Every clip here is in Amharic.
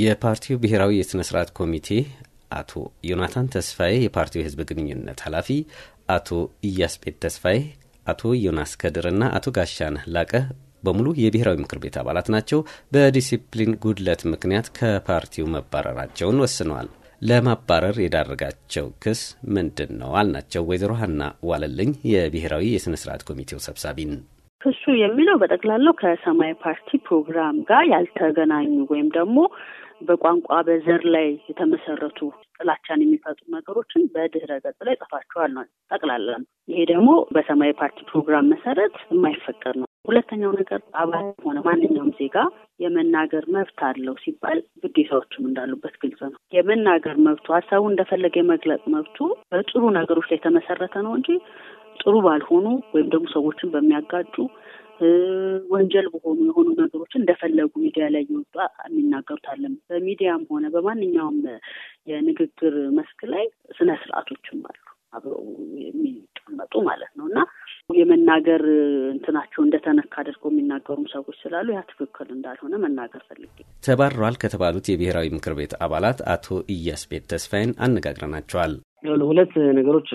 የፓርቲው ብሔራዊ የስነ ስርዓት ኮሚቴ አቶ ዮናታን ተስፋዬ የፓርቲው የህዝብ ግንኙነት ኃላፊ፣ አቶ ኢያስጴድ ተስፋዬ፣ አቶ ዮናስ ከድርና አቶ ጋሻነ ላቀ በሙሉ የብሔራዊ ምክር ቤት አባላት ናቸው። በዲሲፕሊን ጉድለት ምክንያት ከፓርቲው መባረራቸውን ወስነዋል። ለማባረር የዳረጋቸው ክስ ምንድን ነው አልናቸው። ወይዘሮ ሀና ዋለልኝ የብሔራዊ የስነ ስርዓት ኮሚቴው ሰብሳቢን ክሱ የሚለው በጠቅላላው ከሰማያዊ ፓርቲ ፕሮግራም ጋር ያልተገናኙ ወይም ደግሞ በቋንቋ በዘር ላይ የተመሰረቱ ጥላቻን የሚፈጥሩ ነገሮችን በድህረ ገጽ ላይ ጽፋችኋል ነው ጠቅላላ። ይሄ ደግሞ በሰማያዊ ፓርቲ ፕሮግራም መሰረት የማይፈቀድ ነው። ሁለተኛው ነገር አባል ሆነ ማንኛውም ዜጋ የመናገር መብት አለው ሲባል ግዴታዎችም እንዳሉበት ግልጽ ነው። የመናገር መብቱ ሀሳቡ እንደፈለገ የመግለጽ መብቱ በጥሩ ነገሮች ላይ የተመሰረተ ነው እንጂ ጥሩ ባልሆኑ ወይም ደግሞ ሰዎችን በሚያጋጩ ወንጀል በሆኑ የሆኑ ነገሮችን እንደፈለጉ ሚዲያ ላይ እየወጡ የሚናገሩት አለም። በሚዲያም ሆነ በማንኛውም የንግግር መስክ ላይ ስነ ስርዓቶችም አሉ አብረው የሚቀመጡ ማለት ነው እና የመናገር እንትናቸው እንደተነካ አድርገው የሚናገሩም ሰዎች ስላሉ ያ ትክክል እንዳልሆነ መናገር ፈልጌ። ተባረዋል ከተባሉት የብሔራዊ ምክር ቤት አባላት አቶ ኢያስቤት ተስፋዬን አነጋግረናቸዋል። ሁለት ነገሮች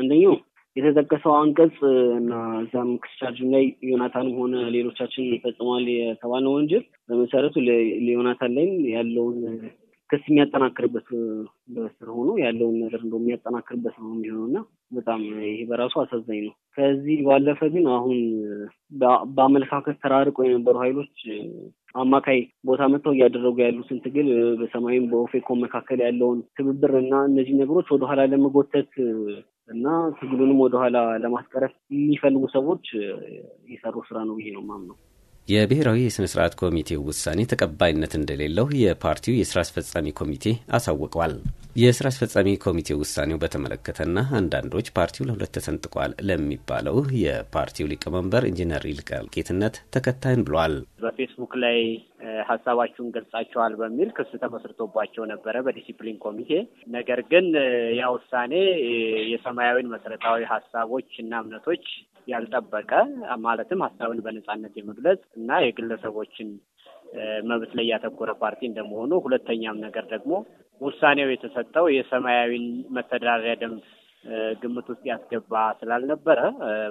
አንደኛው የተጠቀሰው አንቀጽ እና እዛም ክስቻርጅ ላይ ዮናታንም ሆነ ሌሎቻችን ፈጽሟል የተባለ ወንጀል በመሰረቱ ለዮናታን ላይም ያለውን ክስ የሚያጠናክርበት በስር ሆኖ ያለውን ነገር እንደ የሚያጠናክርበት ነው የሚሆነው እና በጣም ይሄ በራሱ አሳዛኝ ነው። ከዚህ ባለፈ ግን አሁን በአመለካከት ተራርቆ የነበሩ ኃይሎች አማካይ ቦታ መጥተው እያደረጉ ያሉትን ትግል በሰማይም በኦፌኮ መካከል ያለውን ትብብር እና እነዚህ ነገሮች ወደኋላ ለመጎተት እና ትግሉንም ወደኋላ ለማስቀረፍ የሚፈልጉ ሰዎች የሰሩ ስራ ነው ብዬ ነው የማምነው። የብሔራዊ የሥነ ሥርዓት ኮሚቴው ውሳኔ ተቀባይነት እንደሌለው የፓርቲው የሥራ አስፈጻሚ ኮሚቴ አሳውቋል። የሥራ አስፈጻሚ ኮሚቴ ውሳኔው በተመለከተና አንዳንዶች ፓርቲው ለሁለት ተሰንጥቋል ለሚባለው የፓርቲው ሊቀመንበር ኢንጂነር ይልቃል ጌትነት ተከታይን ብሏል። በፌስቡክ ላይ ሀሳባችሁን ገልጻቸዋል በሚል ክስ ተመስርቶባቸው ነበረ በዲሲፕሊን ኮሚቴ። ነገር ግን ያ ውሳኔ የሰማያዊን መሰረታዊ ሀሳቦች እና እምነቶች ያልጠበቀ ማለትም ሀሳብን በነጻነት የመግለጽ እና የግለሰቦችን መብት ላይ ያተኮረ ፓርቲ እንደመሆኑ፣ ሁለተኛም ነገር ደግሞ ውሳኔው የተሰጠው የሰማያዊን መተዳደሪያ ደንብ ግምት ውስጥ ያስገባ ስላልነበረ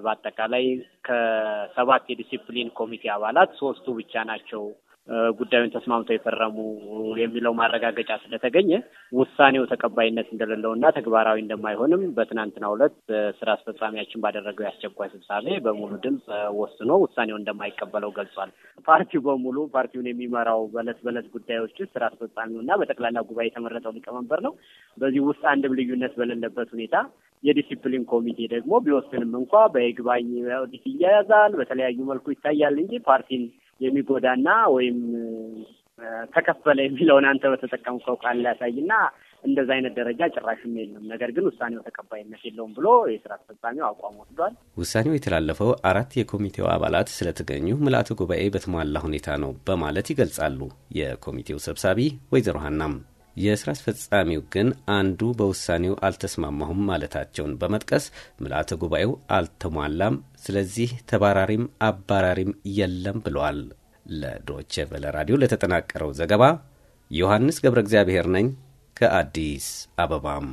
በአጠቃላይ ከሰባት የዲሲፕሊን ኮሚቴ አባላት ሶስቱ ብቻ ናቸው ጉዳዩን ተስማምተው የፈረሙ የሚለው ማረጋገጫ ስለተገኘ ውሳኔው ተቀባይነት እንደሌለውና ተግባራዊ እንደማይሆንም በትናንትናው ዕለት ስራ አስፈጻሚያችን ባደረገው የአስቸኳይ ስብሳቤ በሙሉ ድምፅ ወስኖ ውሳኔው እንደማይቀበለው ገልጿል። ፓርቲው በሙሉ ፓርቲውን የሚመራው በለት በለት ጉዳዮች ውስጥ ስራ እና በጠቅላላ ጉባኤ የተመረጠው ሊቀመንበር ነው። በዚህ ውስጥ አንድም ልዩነት በሌለበት ሁኔታ የዲሲፕሊን ኮሚቴ ደግሞ ቢወስንም እንኳ በይግባኝ ዲስ ይያያዛል፣ በተለያዩ መልኩ ይታያል እንጂ ፓርቲን የሚጎዳና ወይም ተከፈለ የሚለውን አንተ በተጠቀምከው ቃል ላያሳይና እንደዛ አይነት ደረጃ ጭራሽም የለም። ነገር ግን ውሳኔው ተቀባይነት የለውም ብሎ የስራ አስፈጻሚው አቋም ወስዷል። ውሳኔው የተላለፈው አራት የኮሚቴው አባላት ስለተገኙ ምልአተ ጉባኤ በተሟላ ሁኔታ ነው በማለት ይገልጻሉ የኮሚቴው ሰብሳቢ ወይዘሮ ሀናም የስራ አስፈጻሚው ግን አንዱ በውሳኔው አልተስማማሁም ማለታቸውን በመጥቀስ ምልአተ ጉባኤው አልተሟላም፣ ስለዚህ ተባራሪም አባራሪም የለም ብለዋል። ለዶቼ ቬለ ራዲዮ ለተጠናቀረው ዘገባ ዮሐንስ ገብረ እግዚአብሔር ነኝ ከአዲስ አበባም